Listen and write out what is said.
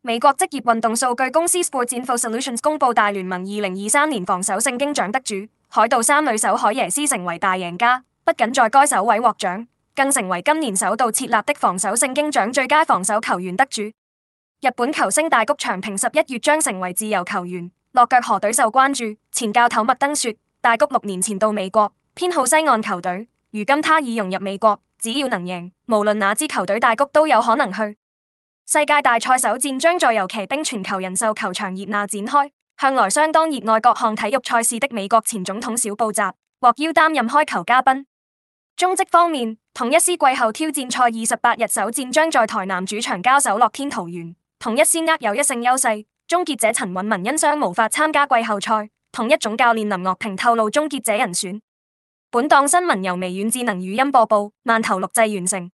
美國職業運動數據公司 Sports Info Solutions 公布大聯盟二零二三年防守聖經獎得主，海盜三壘手海耶斯成為大贏家，不僅在該守位獲獎，更成為今年首度設立的防守聖經獎最佳防守球員得主。日本球星大谷翔平十一月將成為自由球員，落腳何隊受關注。前教頭麥登說：大谷六年前到美國，偏好西岸球隊，如今他已融入美國，只要能贏，無論哪支球隊大谷都有可能去。世界大賽首戰將在遊騎兵全球人壽球場熱鬧展開，向來相當熱愛各項體育賽事的美國前總統小布什獲邀擔任開球嘉賓。中職方面，同一師季後挑戰賽，二十八日首戰將在台南主場交手樂天桃園，同一師握有一勝優勢。終結者陳韻文因傷無法參加季後賽，同一總教練林岳平透露終結者人選。本檔新聞由微軟智能語音播報，慢頭錄製完成。